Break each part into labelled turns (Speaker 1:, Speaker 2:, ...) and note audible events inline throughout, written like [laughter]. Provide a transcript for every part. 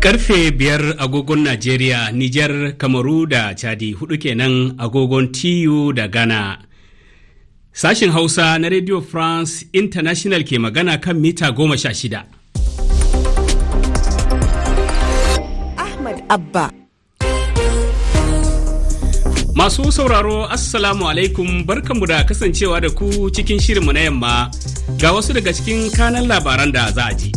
Speaker 1: Karfe biyar agogon Najeriya, Nijar, Kamaru da Chadi hudu kenan agogon TU da Ghana. Sashen Hausa na Radio France International ke magana kan mita goma sha shida.
Speaker 2: Ahmad Abba
Speaker 1: Masu sauraro Assalamu alaikum barkanmu da kasancewa da ku cikin shirinmu na yamma ga wasu daga cikin kanan labaran da za a ji.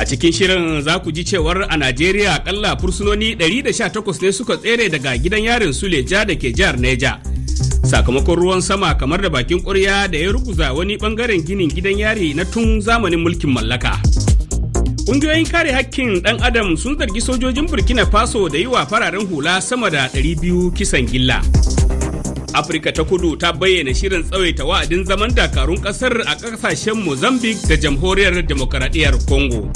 Speaker 1: A cikin shirin za ku ji cewar a Najeriya akalla fursunoni 118 ne suka tsere daga gidan yarin Suleja da ke jihar Neja. Sakamakon ruwan sama kamar da bakin ƙwarya da ya ruguza wani ɓangaren ginin gidan yari na tun zamanin mulkin mallaka. Ƙungiyoyin kare hakkin ɗan adam sun zargi sojojin Burkina Faso da yi wa fararen hula sama da 200 kisan gilla. Afirka ta kudu ta bayyana shirin tsawaita wa'adin zaman dakarun kasar a kasashen Mozambique da jamhuriyar demokaradiyyar Congo.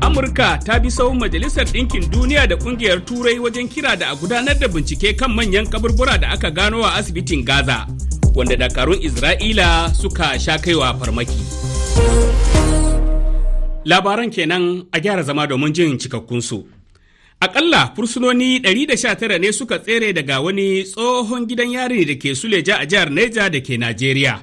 Speaker 1: Amurka ta bi sahun Majalisar Ɗinkin Duniya da Ƙungiyar Turai wajen kira da a gudanar da bincike kan manyan kaburbura da aka gano a asibitin Gaza, wanda dakarun Isra'ila suka sha kaiwa farmaki. Labaran kenan a gyara zama domin jin cikakkunsu. Akalla fursunoni 119 ne suka tsere daga wani tsohon gidan yari da ke Suleja a jihar Neja da ke Najeriya.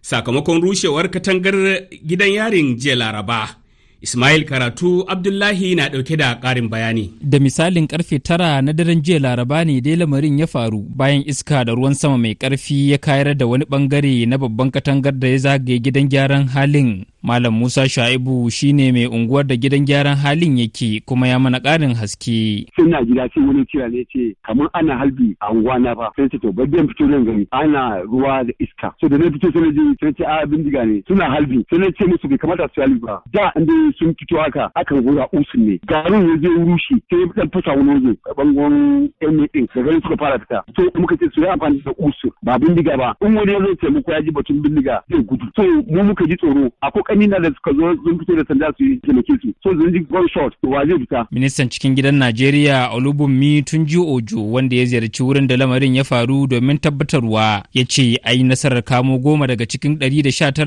Speaker 1: Sakamakon rushewar katangar gidan yarin jiya Laraba. Ismail Karatu
Speaker 3: Abdullahi na ɗauke da ƙarin bayani. Da misalin karfe tara na daren jiya laraba ne dai lamarin ya faru bayan iska da ruwan sama mai ƙarfi ya kayar da wani ɓangare na babban katangar da ya zagaye gidan gyaran halin. Malam Musa Sha'ibu shine mai unguwar da gidan gyaran halin yake kuma ya mana ƙarin haske.
Speaker 1: Suna gida sun wani cewa ne ce kamar ana halbi a unguwa na ba. sai to bari fito gani ana ruwa da iska. So da na fito sai na je sai ce a ah, bindiga ne suna halbi sai na ce musu bai kamata su halbi ba. Da inda sun fito haka akan gura usun ne garin ya je rushe sai dan fasa wani waje bangon yan din da garin suka fara fita so muka ce su yi amfani da usun ba bindiga ba in wani ya zo taimako ya ji batun bindiga zai gudu so mu muka ji tsoro a ko kanina da suka zo sun fito da sanda su yi taimake su so zan ji
Speaker 4: to
Speaker 3: wa zai fita ministan cikin gidan Najeriya Olubunmi Tunji Ojo wanda ya ziyarci wurin da lamarin ya faru domin tabbatarwa ya ce yi nasarar kamo goma daga cikin ɗari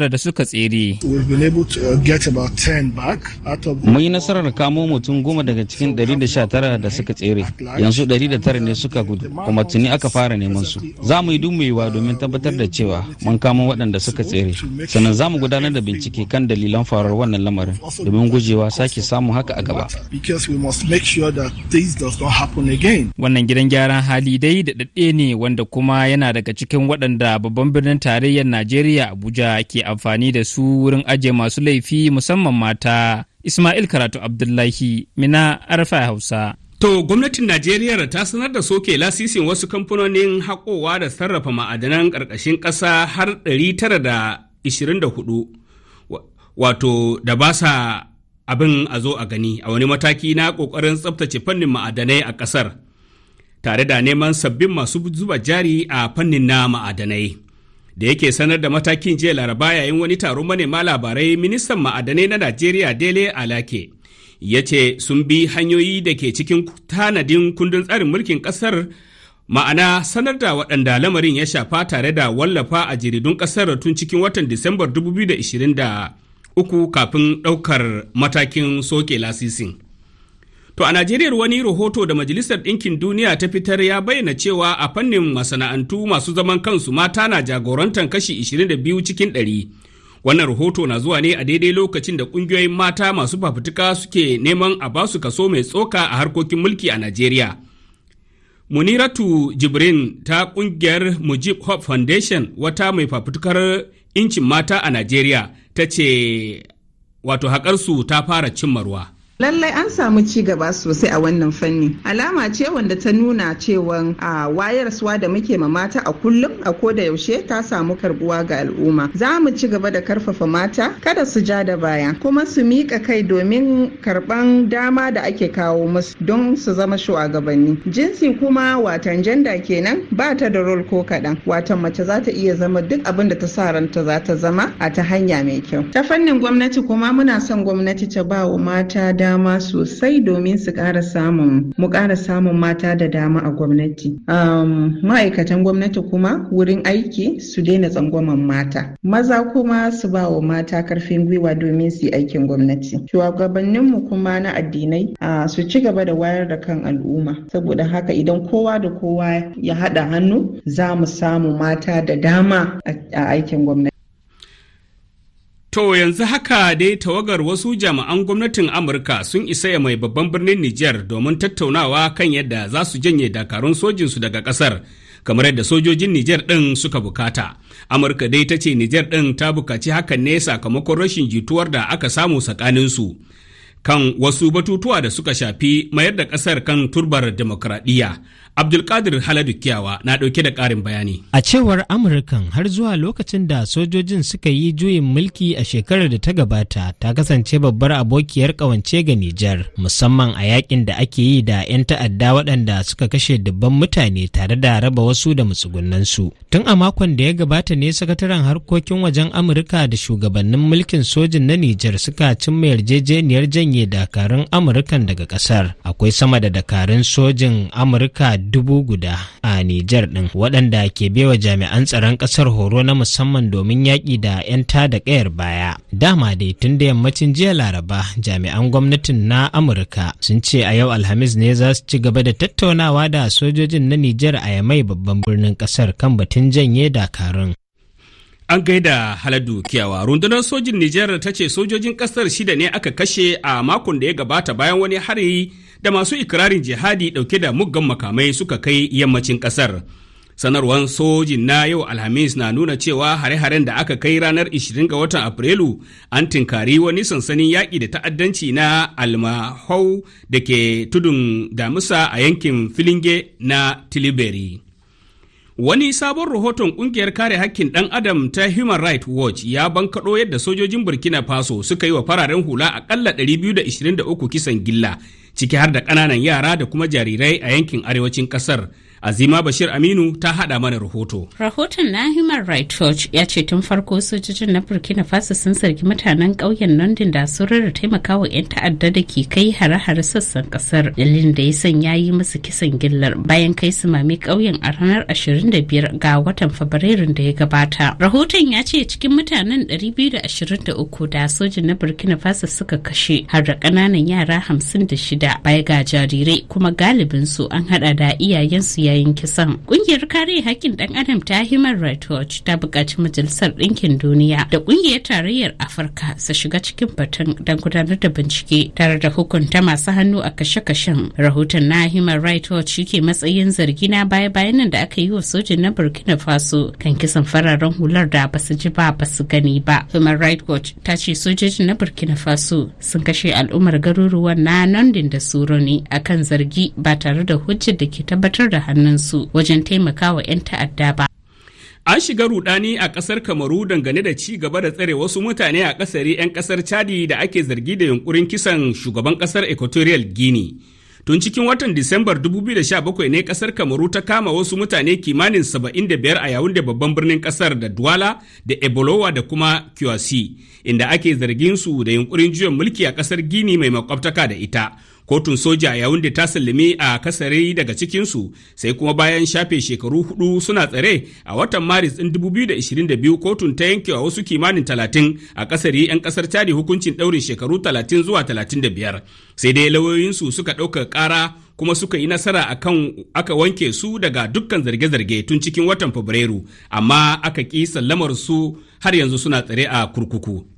Speaker 3: da suka tsere.
Speaker 5: We've been able to uh, get about 10 back. mun yi
Speaker 3: nasarar kamo mutum goma daga cikin 119 da suka tsere yanzu 109 ne suka gudu kuma tuni aka fara neman su za mu yi duk domin tabbatar da cewa mun kamo waɗanda suka tsere sannan za mu gudanar da bincike kan dalilan faruwar wannan lamarin domin gujewa sake samu haka a gaba wannan gidan gyaran hali dai da daɗe ne wanda kuma yana daga cikin waɗanda babban birnin tarayyar najeriya abuja ke amfani da su wurin ajiye masu laifi musamman mata Ismail Karatu Abdullahi Mina Arfa Hausa.
Speaker 1: To gwamnatin Najeriya ta sanar da soke lasisin wasu kamfanonin haƙowa da sarrafa ma'adanan ƙarƙashin ƙasa har 924 wato da ba sa abin a zo a gani a wani mataki na ƙoƙarin tsaftace fannin ma'adanai a ƙasar tare da neman sabbin masu zuba jari a fannin na ma'adanai. da yake sanar da matakin jiya laraba yayin wani taron manema labarai ministan ma'adanai na najeriya dele alake ya ce sun bi hanyoyi da ke cikin tanadin kundin tsarin mulkin kasar ma'ana sanar da waɗanda lamarin ya shafa tare da wallafa a jaridun kasar tun cikin watan disambar 2023 kafin ɗaukar matakin soke lasisin To a Najeriya wani rahoto da Majalisar Ɗinkin Duniya ta fitar ya bayyana cewa a fannin masana'antu masu zaman kansu mata na jagorantar kashi 22 cikin 100. Wannan rahoto na zuwa ne a daidai lokacin da ƙungiyoyin mata masu fafutuka suke neman a ba su kaso mai tsoka a harkokin mulki a Najeriya. Muniratu Jibrin ta ƙungiyar Mujib Hope Foundation wata mai fafutukar incin mata a Najeriya ta ce wato haƙarsu ta fara cimma ruwa.
Speaker 6: Lallai an samu ci gaba sosai a wannan fanni. Alama ce wanda ta nuna cewa a wayar suwa da muke ma mata a kullum a ko da yaushe ta samu karbuwa ga al'umma. Za mu ci gaba da karfafa mata kada su ja da baya kuma su miƙa kai domin karɓan dama da ake kawo musu don su zama shugabanni. Jinsi kuma watan janda kenan ba ta da rol ko kaɗan. Watan mace za ta iya zama duk abin da ta sa ranta za ta zama a ta hanya mai kyau. Ta fannin gwamnati kuma muna son gwamnati ta ba wa mata da dama sosai domin su kara samun mu ƙara samun mata da dama a gwamnati um, ma'aikatan gwamnati kuma wurin aiki su daina tsangwaman mata maza kuma su ba wa mata karfin gwiwa domin su yi aikin gwamnati shugabanninmu kuma na addinai uh, su ci gaba da wayar da kan al'umma saboda haka idan kowa da kowa ya haɗa hannu za mu samu mata da dama a aikin gwamnati
Speaker 1: To yanzu haka dai tawagar wasu jami'an gwamnatin Amurka sun isa ya mai babban birnin Nijar domin tattaunawa kan yadda za su janye dakarun sojinsu daga ƙasar, kamar yadda sojojin Nijar ɗin suka bukata. Amurka dai ta ce Nijar ɗin ta bukaci hakan ne sakamakon rashin jituwar da aka samu tsakaninsu. kan wasu batutuwa da suka shafi mayar da ƙasar kan turbar demokradiyya. Abdulkadir Haladu Kiyawa na ɗauke da ƙarin bayani.
Speaker 7: A cewar Amurkan har zuwa lokacin da sojojin suka yi juyin mulki a shekarar da ta gabata ta kasance babbar abokiyar ƙawance ga Nijar musamman a yakin da ake yi da 'yan ta'adda waɗanda suka kashe dubban mutane tare da raba wasu da matsugunansu. Tun a makon da ya gabata ne sakataren harkokin wajen Amurka da shugabannin mulkin sojin na Nijar suka cimma yarjejeniyar janye janye dakarun amurkan daga kasar akwai sama da dakarun sojin amurka dubu guda a nijar din waɗanda ke baiwa jami'an tsaron kasar horo na musamman domin yaƙi da 'yan da ƙayar baya dama dai tun da yammacin jiya laraba jami'an gwamnatin na amurka sun ce a yau alhamis ne za su ci gaba da tattaunawa da sojojin na nijar a yamai babban birnin kasar kan batun janye dakarun
Speaker 1: An gaida Haladu Kiyawa. Rundunar sojin Nijar ta ce sojojin kasar shida ne aka kashe a makon da ya gabata bayan wani hari da masu ikirarin jihadi dauke da muggan makamai suka kai yammacin kasar Sanarwar sojin na yau Alhamis na nuna cewa hare-haren da aka kai ranar 20 ga watan Afrilu an tinkari wani sansanin yaƙi da ta'addanci na Almahau da ke tudun Damisa a yankin Filinge na tilibiri Wani sabon rahoton kungiyar kare hakkin ɗan adam ta Human Rights Watch ya bankaɗo yadda sojojin Burkina Faso suka yi wa fararen hula aƙalla 223 kisan gilla, ciki har da ƙananan yara da kuma jarirai a yankin arewacin ƙasar. Azima Bashir Aminu ta haɗa mana rahoto.
Speaker 8: Rahoton na Human Rights Watch ya ce tun farko sojojin na Burkina Faso sun sarki mutanen ƙauyen London da su rarra taimakawa 'yan ta'adda da ke kai hare-hare sassan ƙasar dalilin da ya sanya yi musu kisan gillar bayan kai su mami ƙauyen a ranar 25 ga watan Fabrairun da ya gabata. Rahoton ya ce cikin mutanen 223 da sojin na Burkina Faso suka kashe har da ƙananan yara 56 baya ga jarirai kuma galibinsu an haɗa da iyayensu ya yayin kisan kungiyar kare hakkin dan adam ta human rights watch ta buƙaci majalisar ɗinkin duniya da kungiyar tarayyar afirka su shiga cikin batun don gudanar da bincike tare da hukunta masu hannu a kashe-kashen rahoton na human rights watch ke matsayin zargi na baya-bayan nan da aka yi wa sojin na burkina faso kan kisan fararen hular da ba su ji ba ba su gani ba human rights watch ta ce sojojin na burkina faso sun kashe al'ummar garuruwan na nondin da suroni akan zargi ba tare da hujjar da ke tabbatar da hannu hannunsu wajen taimakawa 'yan ta'adda ba.
Speaker 1: An shiga rudani a kasar Kamaru dangane da ci gaba da tsare wasu mutane a kasari 'yan kasar Chadi da ake zargi da yunkurin kisan shugaban kasar Equatorial Guinea. Tun cikin watan Disambar 2017 ne kasar Kamaru ta kama wasu mutane kimanin 75 a yawun da babban birnin kasar da duwala da Ebolowa da kuma Kiwasi, inda ake zargin su da yunkurin juyin mulki a kasar Guinea mai makwabtaka da ita. kotun soja yayin da ta sallame a kasare daga cikinsu sai kuma bayan shafe shekaru hudu suna tsare a watan maris ɗin 2022 kotun ta yankewa wasu kimanin talatin a kasari 'yan kasar cari hukuncin ɗaurin shekaru 30 zuwa 35 sai dai lauyoyinsu suka ɗauka ƙara kuma suka yi nasara akan aka wanke su daga dukkan zarge-zarge tun cikin watan fabrairu amma aka ƙi sallamar su har yanzu suna tsare a kurkuku.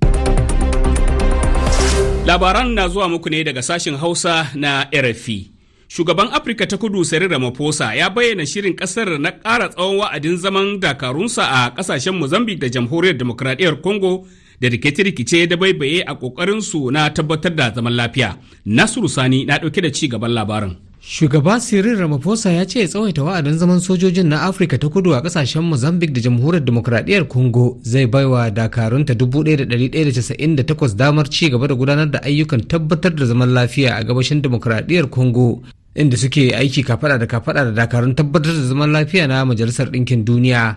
Speaker 1: Labaran na zuwa muku ne daga sashen Hausa na RFI. Shugaban Afirka ta Kudu Cyril Ramaphosa ya bayyana shirin kasar na ƙara tsawon wa'adin zaman dakarunsa a ƙasashen Mozambique da Jamhuriyar Demokradiyyar Congo da rikice-rikice da baibaye a ƙoƙarinsu na tabbatar da zaman lafiya. Nasiru Sani na ɗauke da ci gaban labarin.
Speaker 9: shugaba cyril ramaphosa ya ce tsawaita wa'adin zaman sojojin na afirka ta kudu a kasashen mozambique da jamhuriyar demokradiyyar congo zai baiwa dakarunta 1198 damar ci gaba da gudanar da ayyukan tabbatar da zaman lafiya a gabashin demokradiyyar congo inda suke aiki kafada da kafada da dakarun tabbatar da zaman lafiya na majalisar ɗinkin duniya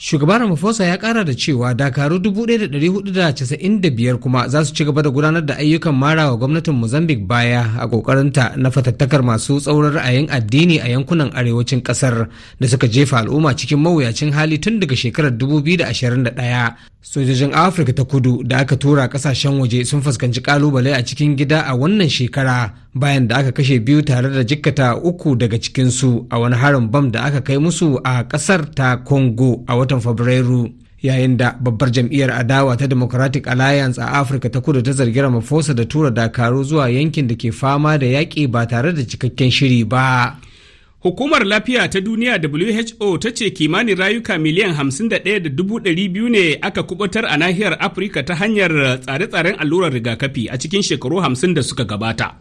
Speaker 9: Shugaban Ramaphosa ya kara da cewa dakaru 1,495 kuma za su ci gaba da gudanar da ayyukan mara wa gwamnatin Mozambique baya a kokarinta na fatattakar masu tsaurar ra'ayin addini a yankunan arewacin kasar da suka jefa al'umma cikin mawuyacin hali tun daga shekarar 2021 sojojin afirka ta kudu da aka tura kasashen waje sun fuskanci kalubale a cikin gida a wannan shekara bayan da aka kashe biyu tare da jikkata uku daga cikinsu a wani harin bam da aka kai musu a kasar ta congo a watan fabrairu yayin da babbar jam'iyyar adawa ta democratic alliance a afirka ta kudu ta zargi ramaphosa da tura dakaru zuwa yankin da ke fama da yaƙi ba tare da cikakken shiri ba
Speaker 1: Hukumar lafiya ta duniya WHO ta ce kimanin rayuka miliyan 51,200 ne aka kubutar a nahiyar Afirka ta hanyar tsare-tsaren allurar rigakafi a cikin shekaru 50 da suka gabata.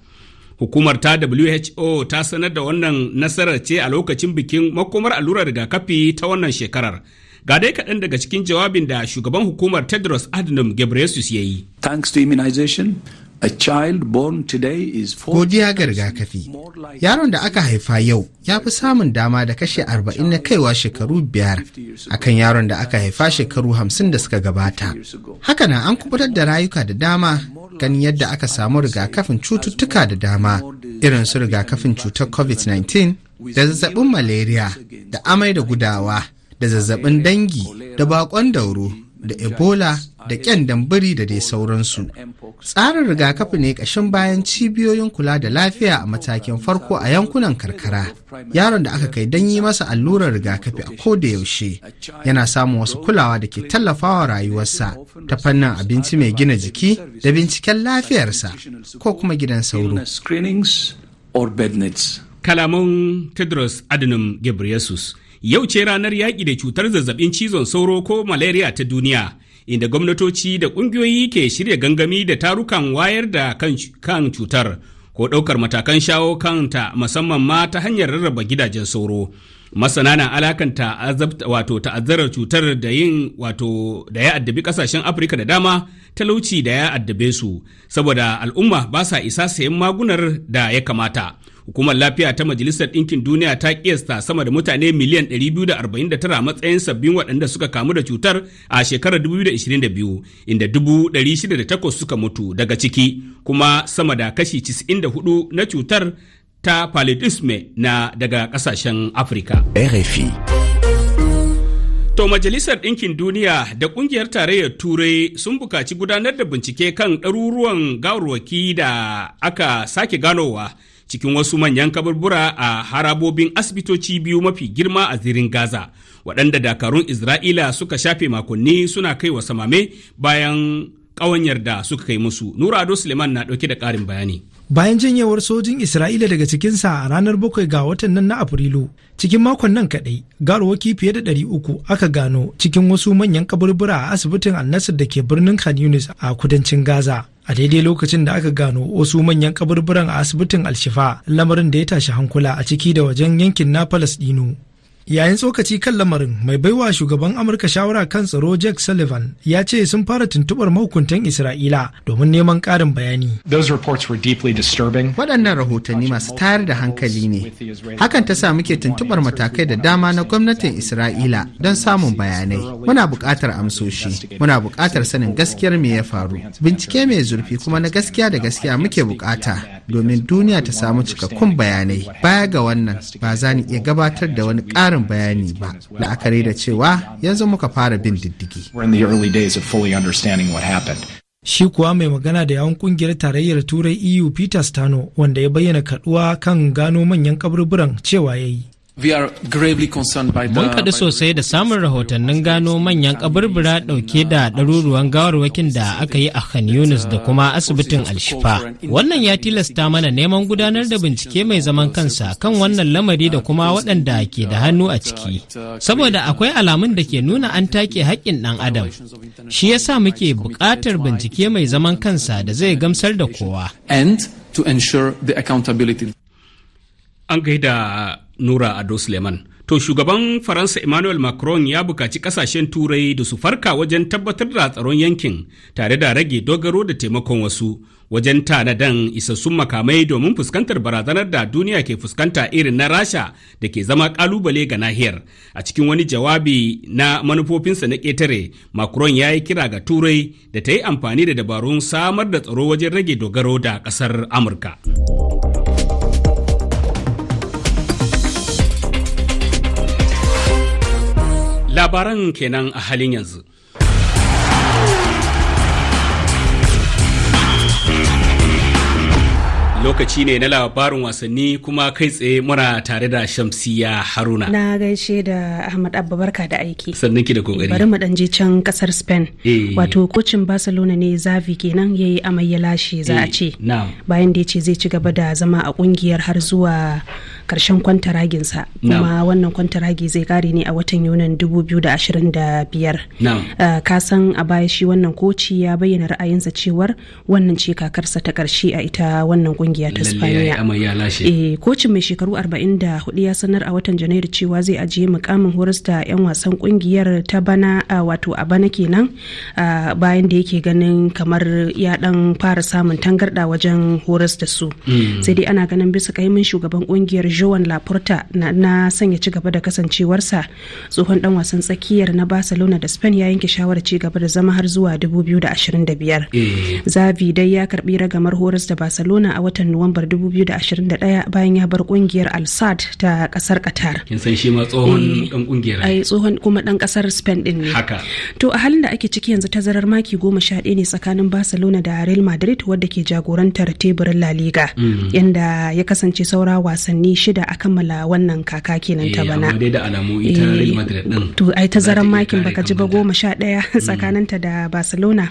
Speaker 1: Hukumar ta WHO ta sanar da wannan nasarar ce a lokacin bikin makomar allurar rigakafi ta wannan shekarar. Ga dai kaɗan daga cikin jawabin da shugaban hukumar Tedros Adhanom Ghebreyesus ya yi. Thanks Godiya ga
Speaker 10: rigakafi. Yaron da aka haifa yau ya fi samun dama da kashe arba'in na kaiwa shekaru biyar akan yaron da aka haifa shekaru hamsin da suka gabata. Hakanan an kubutar da rayuka da dama ganin yadda aka samu rigakafin cututtuka da dama irin su rigakafin cutar COVID-19 da zazzabin malaria da amai da gudawa da zazzabin dangi da bakon dauro da ebola da ƙyan dambari da dai sauransu tsarin rigakafi ne ƙashin bayan cibiyoyin kula da lafiya a matakin farko a yankunan karkara yaron da aka kai don yi masa allurar rigakafi a ko da yaushe yana samun wasu kulawa da ke tallafawa rayuwarsa ta fannin abinci mai gina jiki da binciken lafiyarsa ko kuma gidan sauro
Speaker 1: kalaman tedros adnum ghebreyesus yau ce ranar yaƙi da cutar zazzabin cizon sauro ko malaria ta duniya inda gwamnatoci da ƙungiyoyi ke shirya gangami da tarukan wayar da kan cutar ko ɗaukar matakan shawo kanta musamman ma ta hanyar rarraba gidajen sauro. Masana na alakanta wato ta'azzarar cutar da yin wato da ya addabi kasashen Afirka da dama talauci da ya addabe su saboda al'umma ba sa isa sayan magunar da ya kamata. Hukumar lafiya ta Majalisar Ɗinkin Duniya ta kiyasta sama da mutane miliyan 249 a matsayin sabbin waɗanda suka kamu da cutar a shekarar 2022 inda 608 suka mutu daga ciki kuma sama da kashi 94 na cutar ta paludisme na daga kasashen Afirka. RFI. To Majalisar Ɗinkin Duniya da Ƙungiyar Tarayyar Turai sun bukaci gudanar da bincike kan ɗaruruwan gawarwaki da aka sake ganowa cikin wasu manyan kaburbura a harabobin asibitoci biyu mafi girma a zirin Gaza, waɗanda dakarun Isra'ila suka shafe makonni suna kai wa samame bayan ƙawanyar da suka kai musu. Nura Ado Suleiman na ɗauke da ƙarin bayani.
Speaker 9: Bayan
Speaker 7: janyewar sojin Isra'ila daga cikinsa a ranar bakwai ga watan nan na Afrilu, cikin makon nan kaɗai, garwaki fiye da ɗari uku aka gano cikin wasu manyan kaburbura a asibitin Annasar da ke birnin Khan Yunis a kudancin Gaza. a daidai lokacin da aka gano wasu manyan kaburburan a asibitin alshifa lamarin da ya tashi hankula a ciki da wajen yankin na Falasɗinu. yayin tsokaci kan lamarin mai baiwa shugaban amurka shawara kan tsaro jack sullivan ya ce sun fara tuntubar mahukuntan isra'ila domin neman karin bayani
Speaker 10: waɗannan rahotanni masu tayar da hankali ne hakan ta sa muke tuntubar matakai da dama na gwamnatin isra'ila don samun bayanai muna buƙatar amsoshi muna buƙatar sanin gaskiyar me ya faru bincike mai zurfi kuma na gaskiya da gaskiya muke buƙata domin duniya ta samu cikakkun bayanai baya ga wannan ba za ni iya gabatar da wani ƙarin ƙarin
Speaker 7: bayani ba la'akari da cewa yanzu muka fara bin diddigi. Shi kuwa mai magana da yawon kungiyar tarayyar turai EU Peter Stano wanda ya bayyana kaduwa kan gano manyan kaburburan cewa ya yi.
Speaker 5: Mun kaɗu
Speaker 7: sosai da samun rahotannin gano manyan kaburbura ɗauke da ɗaruruwan gawarwakin da aka yi a Khan Yunus da kuma uh, asibitin Alshifa. Wannan ya tilasta mana neman gudanar da bincike mai zaman kansa kan wannan lamari da uh, kuma waɗanda ke da uh, hannu a ciki. Saboda akwai alamun da ke nuna an take haƙƙin ɗan adam. Shi ya sa muke buƙatar bincike mai zaman kansa da zai gamsar da kowa.
Speaker 1: nura ado suleiman to shugaban faransa emmanuel macron ya bukaci kasashen turai da su farka wajen tabbatar da tsaron yankin tare da rage dogaro da taimakon wasu wajen tanadan isassun makamai domin fuskantar barazanar da duniya ke fuskanta irin na rasha da ke zama kalubale ga nahiyar a cikin wani jawabi na manufofinsa na ƙetare macron ya yi kira ga turai da ta yi amfani da dabarun samar da tsaro wajen rage dogaro da ƙasar amurka labaran kenan a halin yanzu. Lokaci ne na labarin wasanni kuma kai tsaye muna tare da Shamsiya Haruna.
Speaker 11: Na gaishe da Ahmad Abba barka da aiki. Sannan
Speaker 1: ki da kokari. Bari mu
Speaker 11: can kasar Spain. Eh. Wato kocin Barcelona ne Zavi kenan yayi amai ya lashe za a eh, ce. Bayan da ya ce zai ci gaba da zama a kungiyar har zuwa karshen kwantaraginsa kuma wannan kwanta ragi zai kare ne a watan yunan 2025 uh, ka san a baya shi wannan koci ya bayyana ra'ayinsa cewar wannan ce kakarsa ta karshe a ita wannan kungiya ta spaniya eh, kocin mai shekaru 44 ya sanar a watan janairu cewa zai ajiye mukamin horas da 'yan wasan kungiyar ta bana wato a bana kenan bayan da yake ganin kamar ya dan fara samun tangarda wajen horas da su hmm. sai dai ana ganin bisa kaimin shugaban kungiyar joan laporta na, sanya ci gaba da kasancewarsa tsohon dan wasan tsakiyar na barcelona da spain ya yanke shawarar ci gaba da zama har zuwa 2025 zavi eh. dai ya karbi ragamar horas da barcelona a watan nuwambar 2021 bayan ya bar kungiyar al Sadd ta kasar qatar
Speaker 1: kin san shi ma tsohon eh.
Speaker 11: dan kungiyar ai tsohon kuma dan kasar spain din ne haka to a halin da ake ciki yanzu tazarar maki goma sha ɗaya ne tsakanin barcelona da real madrid wadda ke jagorantar teburin la liga mm. yanda ya kasance saura wasanni shida a kammala wannan kaka kenan ta eh, bana eh da alamu ita eh, Real Madrid din to ai tazaran makin baka ji ba goma sha daya hmm. tsakaninta da Barcelona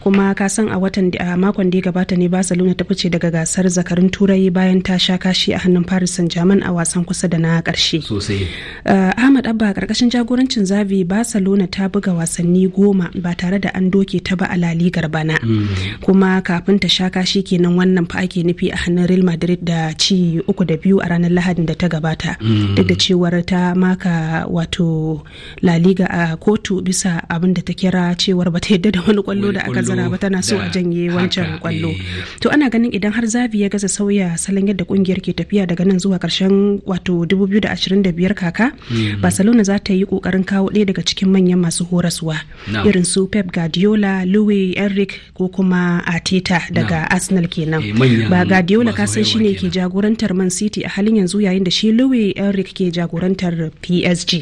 Speaker 11: kuma ka san a watan makon da ya gabata ne Barcelona ta fice daga gasar zakarun turai bayan ta sha kashi a hannun Paris Saint-Germain a wasan kusa da na karshe sosai eh, Ahmad Abba karkashin jagorancin Zavi Barcelona ta buga wasanni goma ba tare da an doke ta ba a La Liga bana hmm. kuma kafin ta sha kashi kenan wannan fa ake nufi a hannun Real Madrid da ci uku da biyu a ranar ranar lahadin da ta gabata mm. duk da cewar ta maka wato laliga a kotu bisa abin da ta kira cewar ba ta yadda da wani kwallo da aka zara ba tana so a janye wancan kwallo to ana ganin idan har zabi ya gaza sauya salon yadda kungiyar ke tafiya daga nan zuwa karshen wato 2025 kaka mm. barcelona za ta yi kokarin kawo ɗaya daga cikin manyan masu horaswa irin su pep guardiola louis eric ko kuma ateta daga arsenal kenan eh, ba guardiola kasan shine ke jagorantar man city a halin yanzu yayin da shi Louis eric ke jagorantar PSG.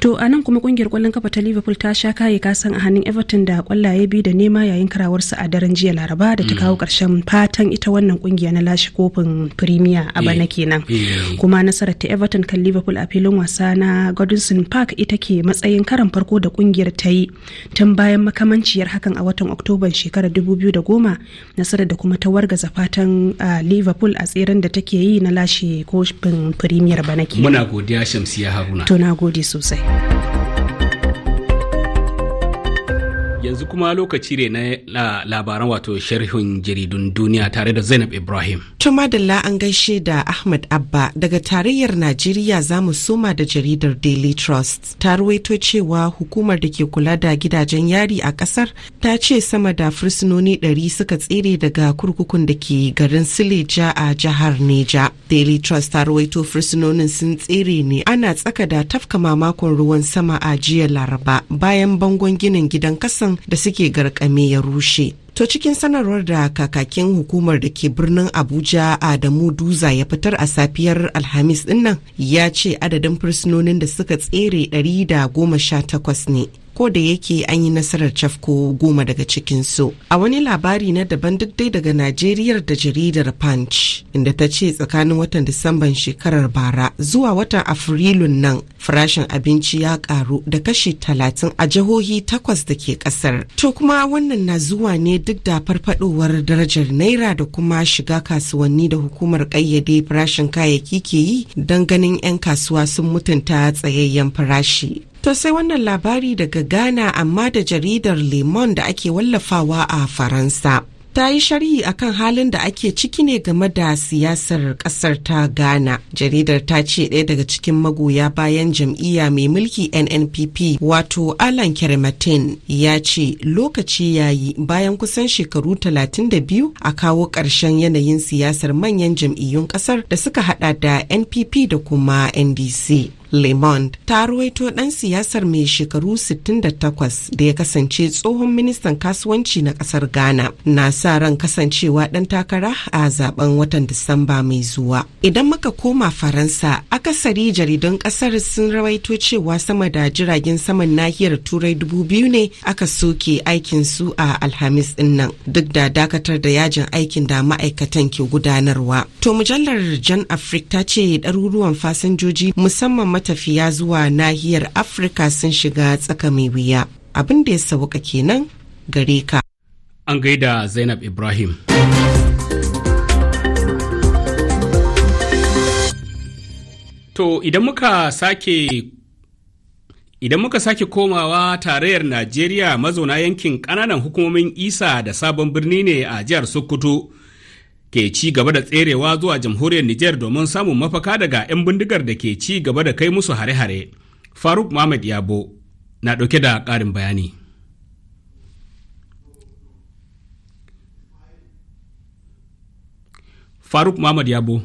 Speaker 11: To a nan kuma kungiyar kwallon kafa ta Liverpool ta sha kaye kasan a hannun Everton da kwallaye bi da nema yayin karawarsa a daren jiya Laraba da ta mm. kawo karshen fatan ita wannan kungiya na lashe kofin Premier a bana kenan. Kuma nasarar ta Everton kan Liverpool a filin wasa na Goodison Park ita ke matsayin karan farko da kungiyar ta yi tun bayan makamanciyar hakan a watan Oktoban shekarar 2010 nasarar da kuma ta wargaza fatan ah, Liverpool a tseren da take yi na lashe ko nufin firimiyar ba nake muna
Speaker 1: godiya shamsiya haruna to
Speaker 11: na gode sosai
Speaker 1: Yanzu kuma lokaci ne na labaran wato sharhin jaridun duniya tare da Zainab Ibrahim.
Speaker 2: Tuma an gaishe da Ahmad Abba daga tarayyar Najeriya za mu soma da jaridar Daily Trust. Ta ruwaito cewa hukumar da ke kula da gidajen yari a kasar ta ce sama da fursunoni 100 suka tsere daga kurkukun da ke garin Sileja a jihar Neja. Daily Trust ta ruwaito fursunonin sun tsere ne ana tsaka da tafka mamakon ruwan sama a jiya Laraba bayan bangon ginin gidan kasan da suke garkame ya rushe To cikin sanarwar da kakakin hukumar da ke birnin Abuja Adamu Duza ya fitar a safiyar Alhamis dinnan ya ce adadin fursunonin da suka tsere 118 ne ko da yake an yi nasarar cafko goma daga cikin cikinsu. A wani labari na daban duk dai daga Najeriyar da jaridar Punch inda ta ce tsakanin watan Disamban shekarar bara zuwa watan Afrilun nan farashin abinci ya karu da kashi talatin a jihohi takwas da ke kasar. To kuma wannan na zuwa ne duk da farfadowar darajar naira da kuma shiga kasuwanni da hukumar kayyade farashin kayayyaki ke yi don ganin 'yan kasuwa sun mutunta tsayayyen farashi. To sai wannan labari daga Ghana amma da jaridar lemon da ake wallafawa a Faransa. ta yi sharhi akan halin da ake ciki ne game da siyasar kasar ta ghana jaridar ta ce ɗaya daga cikin magoya bayan jam'iyya mai mulki nnpp wato alan kermatin ya ce lokaci ya yi bayan kusan shekaru 32 a kawo ƙarshen yanayin siyasar manyan jam'iyyun ƙasar da suka hada da npp da kuma ndc Le Monde ta ruwaito ɗan siyasar mai shekaru 68 da ya kasance tsohon ministan kasuwanci na ƙasar Ghana na sa ran kasancewa ɗan takara a zaben watan Disamba mai zuwa. Idan muka koma Faransa, akasari jaridun ƙasar sun rawaito cewa sama da jiragen saman nahiyar Turai dubu biyu ne aka soke aikin su a Alhamis ɗin nan duk da dakatar da yajin aikin da ma'aikatan ke gudanarwa. To mujallar Jan Afrik ta ce ɗaruruwan fasinjoji musamman matafiya zuwa nahiyar afirka sun shiga tsaka mai wuya abin da ya sauka kenan gare ka
Speaker 1: an gaida zainab ibrahim to idan muka sake Idan muka sake komawa tarayyar Najeriya mazauna yankin ƙananan hukumomin Isa da sabon birni ne a jihar Sokoto ke ci gaba da tserewa zuwa jamhuriyar Nijar domin samun mafaka daga 'yan bindigar da ke ci gaba da kai musu hare-hare. Faruk Muhammad Yabo na ɗauke da ƙarin bayani.
Speaker 3: Faruk Muhammad Yabo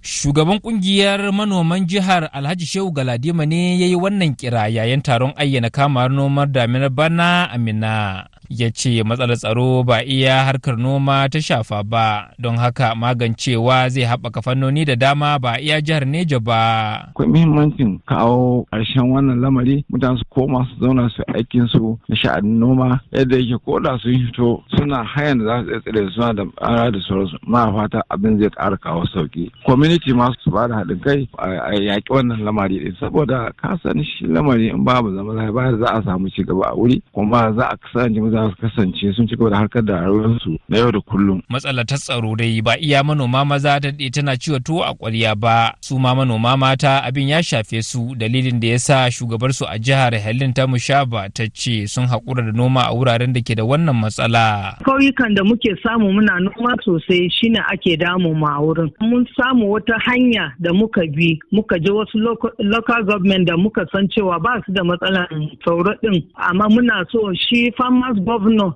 Speaker 3: Shugaban kungiyar manoman jihar Alhaji Shehu Galadima ne ya yi wannan kira yayin taron ayyana kamar noman daminar bana Amina. ya ce matsalar tsaro ba iya harkar noma ta shafa ba don haka magancewa zai haɓaka fannoni da dama ba iya jihar neja ba. akwai muhimmancin kawo ƙarshen wannan lamari mutane su koma su zauna su aikin su na sha'anin noma yadda yake ko da sun fito suna hayan da za su tsere suna da ara da sauransu ma fata abin zai ƙara kawo sauki community ma su ba da haɗin kai a yaƙi wannan lamari ɗin saboda ka san shi lamari in babu zama ba za a samu ci gaba a wuri kuma za a kasance za su kasance sun ci gaba da harkar da rayuwarsu na yau da kullum. Matsalar ta tsaro dai ba iya manoma maza ta tana ciwo tuwo a ƙwarya ba su ma manoma mata abin ya shafe su dalilin da ya sa shugabar su a jihar Helin ta Mushaba ta ce sun haƙura da noma a wuraren da ke
Speaker 6: da wannan matsala. Kauyukan da muke samu muna noma sosai shine ake damu ma wurin. Mun samu wata hanya da muka bi muka je wasu local government da
Speaker 12: muka san cewa ba su da matsalar tsaro din amma muna so shi farmers governor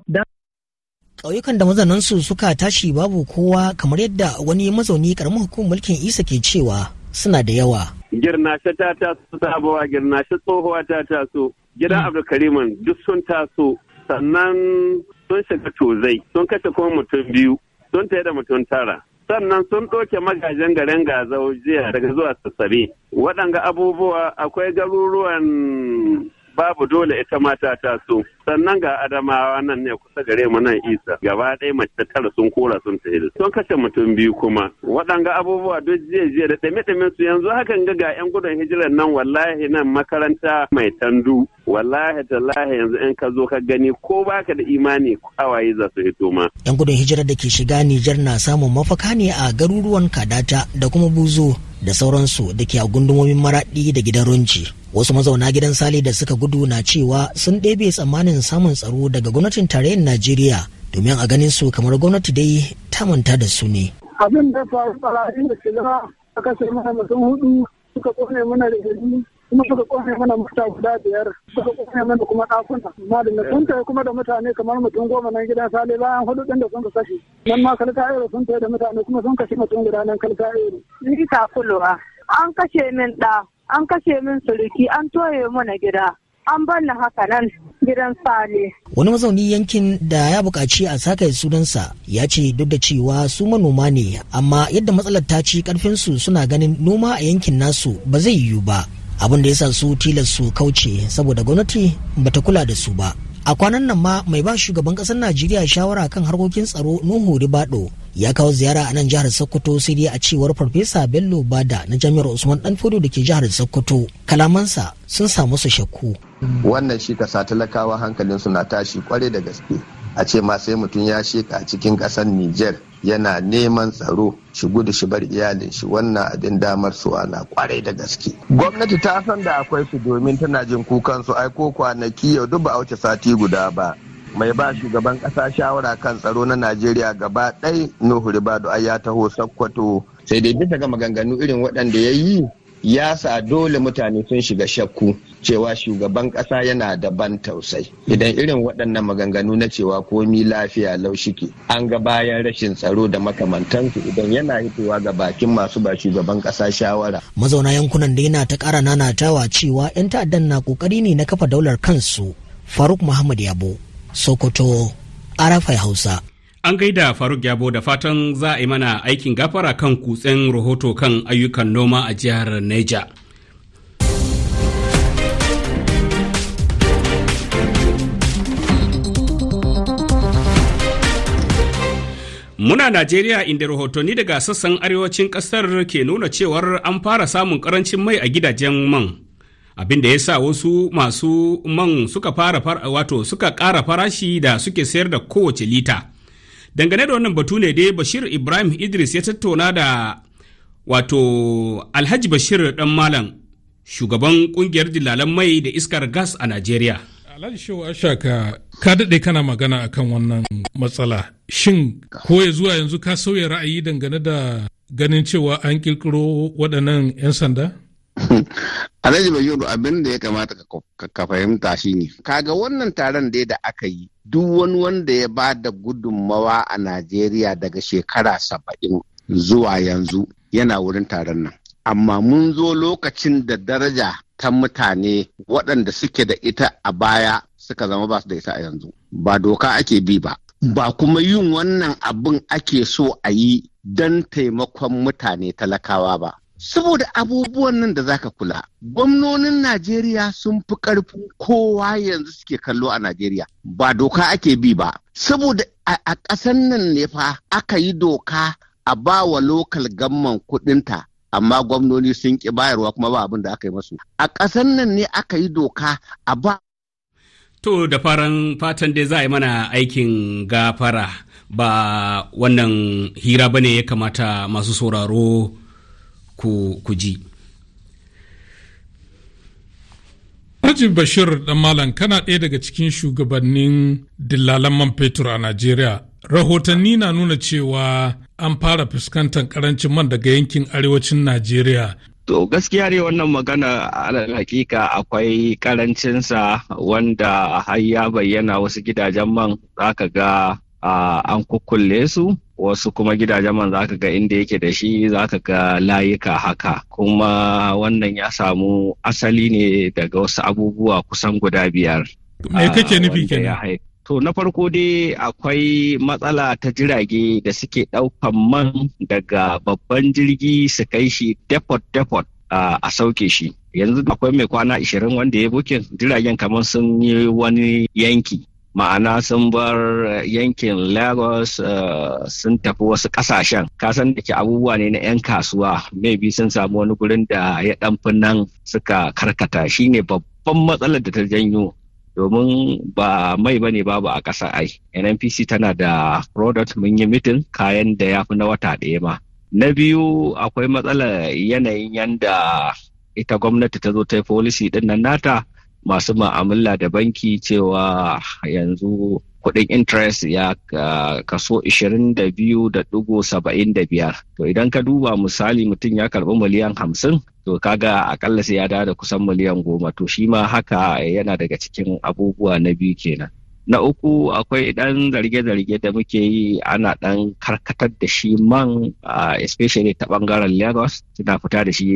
Speaker 12: ƙauyukan da mazanansu suka tashi babu kowa kamar yadda wani mazauni karamin hukumar mulkin isa ke cewa suna da yawa
Speaker 1: girnashe ta taso sabuwa girnashe tsohuwa ta taso gidan mm. abdulkariman duk sun taso sannan sun shiga tozai sun kashe kuma mutum biyu sun taya da mutum tara sannan sun ɗauke magajin garin gazau jiya daga zuwa sassabe waɗanga abubuwa akwai garuruwan babu dole ita mata ta so sannan ga adamawa nan ne kusa gare mu nan isa gaba ɗaya mace ta tara sun kora sun ta hidu sun kashe mutum biyu kuma waɗanga abubuwa duk jiya jiya da ɗame ɗame su yanzu hakan ga ga yan gudun hijirar nan wallahi nan makaranta mai tandu wallahi tallahi yanzu in ka zo ka gani ko baka da imani awaye za su hito ma.
Speaker 12: yan gudun hijirar da ke shiga Nijar na samun mafaka ne a garuruwan Kadata da kuma Buzo da sauransu da ke a gundumomin Maraɗi da gidan Runci. wasu mazauna gidan sali da suka gudu na cewa sun ɗebe tsammanin samun tsaro daga gwamnatin tarayyar najeriya domin a ganin su kamar gwamnati dai ta manta da su ne
Speaker 11: abin da faru ra'ayin da shiga a sai mana mutum hudu suka kone mana rigari kuma suka kone mana mata guda biyar suka kone mana kuma ɗakuna amma da na sun kuma da mutane kamar mutum goma nan gidan sale bayan hudu ɗin da sun kashe nan ma kalka ero sun da mutane kuma sun kashe mutum
Speaker 6: guda nan kalka ero ni ta kuluwa an kashe min ɗa an kashe min suluki an toye mana gida an banna haka nan gidan sale.
Speaker 12: Wani mazauni yankin da ya buƙaci a saka sunansa ya ce duk da cewa su manoma ne amma yadda matsalar ta ci karfinsu suna ganin noma a yankin nasu ba zai yiwu ba. Abin da ya sa su tilas kauce saboda gwamnati bata kula da su ba. A kwanan nan ma mai ba shugaban ƙasar Najeriya shawara kan harkokin tsaro Nuhu Ribado ya kawo ziyara a nan jihar sokoto sai dai a cewar farfesa bello bada na jami'ar usman danfodo da ke jihar sokoto kalamansa sun samu su shakku
Speaker 10: wannan shi kasa talakawa hankalin su na tashi kwarai da gaske a ce ma sai mutum ya sheka a cikin kasar niger yana neman tsaro shi gudu shi bar iyalin shi wannan abin damar su ana kwarai da gaske gwamnati ta san da akwai su domin tana jin kukan su ai ko kwanaki yau duk ba a wuce sati guda ba mai ba shugaban kasa shawara kan tsaro na najeriya gaba ɗai nuhu ribadu ai ya taho sakkwato sai dai bisa ga maganganu irin waɗanda ya yi ya sa dole mutane sun shiga shakku cewa shugaban kasa yana da ban tausai idan irin waɗannan maganganu na cewa komi lafiya laushiki an ga bayan rashin tsaro da makamantansu idan yana hitowa ga bakin masu ba shugaban kasa shawara
Speaker 12: mazauna yankunan da yana ta ƙara nanatawa cewa 'yan ta'addan na ƙoƙari ne na kafa daular kansu faruk muhammad yabo sokoto arafai hausa
Speaker 1: an gaida faruk yabo da fatan za a yi mana aikin gafara kan kutsen rahoto kan ayyukan noma a jihar neja Muna Najeriya inda rahotanni daga sassan arewacin ƙasar ke nuna cewar an fara samun ƙarancin mai a gidajen man. abinda ya sa wasu masu man suka fara wato suka kara farashi da suke sayar da kowace lita dangane da wannan batu ne dai bashir ibrahim idris ya tattauna da wato alhaji bashir dan malam shugaban kungiyar dillalan mai da iskar gas a najeriya
Speaker 5: alhaji shehu ashaka ka daɗe kana magana akan wannan matsala shin ko ya zuwa yanzu ka sauya ra'ayi dangane da ganin cewa an ƙirƙiro waɗannan 'yan sanda
Speaker 4: [laughs] Alhaji Bashiru abin da ya kamata ka fahimta shi ne. Kaga wannan taron dai da aka yi duk wani wanda ya ba da gudunmawa a Najeriya daga shekara saba'in zuwa yanzu yana wurin taron nan. Amma mun zo lokacin da daraja ta mutane waɗanda suke da ita a baya suka zama ba su da ita a yanzu. Ba doka ake bi ba. Ba kuma yin wannan abin ake so a yi don taimakon mutane talakawa ba. saboda abubuwan nan da zaka kula
Speaker 10: gwamnonin najeriya sun fi karfi kowa yanzu suke kallo a najeriya ba doka ake bi
Speaker 4: ba saboda a ƙasan nan ne fa aka yi doka a ba wa lokal gamman kuɗinta amma gwamnoni sun ki bayarwa kuma ba abin da aka yi masu a ƙasan
Speaker 1: nan ne aka yi doka a ba To da faran fatan dai za a yi mana aikin gafara ba wannan hira bane ya kamata masu sauraro ku ji.
Speaker 5: Haji Bashir dan Malam kana ɗaya daga cikin shugabannin dillalan man fetur a Najeriya. Rahotanni na nuna cewa an fara fuskantar karancin man daga yankin arewacin Najeriya
Speaker 3: To gaskiya ne wannan magana alal hakika
Speaker 4: akwai karancinsa wanda har ya bayyana wasu gidajen man zaka ga ah, an kukkulle su wasu kuma gidajen man zaka ga inda yake da shi zaka ga layuka haka kuma wannan ya samu asali ne daga wasu abubuwa kusan guda biyar me ah, kake nufi kenan To na farko dai akwai matsala ta jirage da suke ɗaukan man daga babban jirgi su kai shi depot-depot a sauke shi. Yanzu akwai mai kwana 20 wanda ya bukin jiragen kamar sun yi wani yanki ma'ana sun bar yankin lagos eh, sun tafi wasu kasashen kasan da ke abubuwa ne na 'yan kasuwa maybe sun samu wani gurin da ya ɗanfi nan suka karkata shine babban matsalar da ta janyo domin ba mai bane babu a ƙasa ai nnpc tana da product mun yi mitin kayan da ya fi na wata ɗaya ma na biyu akwai matsalar yanayin yanda ita gwamnati ta zo ta yi policy ɗin nata masu ma'amala da banki cewa yanzu kuɗin interest ya uh, kaso 22.75 to idan ka duba misali mutum ya karɓi miliyan 50 to kaga akalla sai ya dawo da kusan miliyan goma to shi ma haka yana daga cikin abubuwa na biyu kenan na uku akwai ɗan zarge-zarge da muke yi ana ɗan karkatar da shi man especially ta bangaren lagos suna fita da shi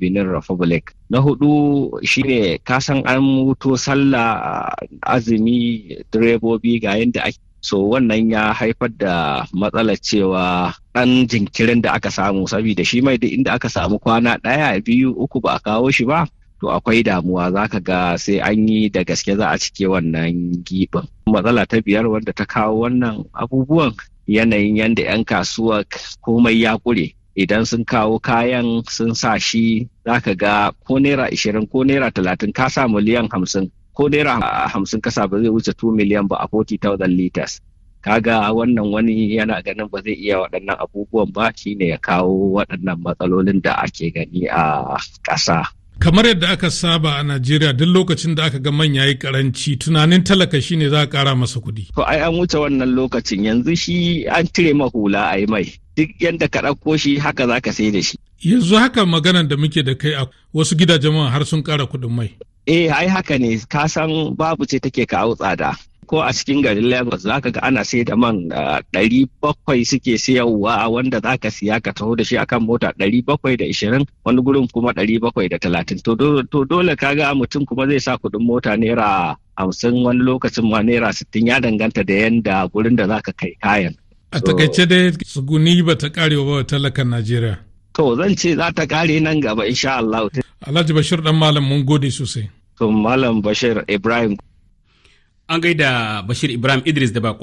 Speaker 4: benin republic na hudu shine kasan an mutu sallah azumi direbobi ga yadda ake so wannan ya haifar da matsalar cewa ɗan jinkirin da aka samu saboda shi mai duk inda aka samu kwana ɗaya biyu uku ba a kawo shi ba to akwai damuwa za ka ga sai an yi da gaske za a cike wannan giɓin. Matsala ta biyar wanda ta kawo wannan abubuwan yanayin yadda 'yan kasuwa komai ya ƙure. Idan sun kawo kayan sun sa shi za ka ga ko naira ishirin ko naira talatin ka sa miliyan hamsin ko naira hamsin sa ba zai wuce 2 miliyan ba a 40,000 liters. kaga wannan wani yana ganin ba zai iya waɗannan abubuwan ba shine ya kawo waɗannan matsalolin da ake gani a ƙasa
Speaker 5: kamar yadda aka saba a najeriya duk lokacin da aka ga manya yi karanci tunanin talaka shine za a kara masa kuɗi. to ai an
Speaker 4: wuce wannan lokacin yanzu shi an cire mahula a yi mai duk yadda ka ɗauko shi haka za ka sai da shi
Speaker 5: yanzu haka maganan da muke da kai a wasu gidajen har sun kara kuɗin mai
Speaker 4: eh ai haka ne ka san babu ce take kawo tsada ko a cikin garin lagos zaka ga ana sai da man ah, ɗari bakwai suke siyarwa wanda zaka siya ka taho da shi akan mota ɗari bakwai da ishirin wani gurin kuma ɗari bakwai da talatin to dole ka ga mutum kuma zai sa kuɗin mota naira hamsin wani lokacin ma naira sittin ya danganta da yanda gurin da zaka kai kayan.
Speaker 5: a takaice dai tsuguni ba ta karewa ba talakan najeriya. To zan ce za ta kare nan gaba insha Allah. Alhaji Bashir dan malam mun gode sosai.
Speaker 4: To malam Bashir Ibrahim. An gaida Bashir Ibrahim Idris da bako.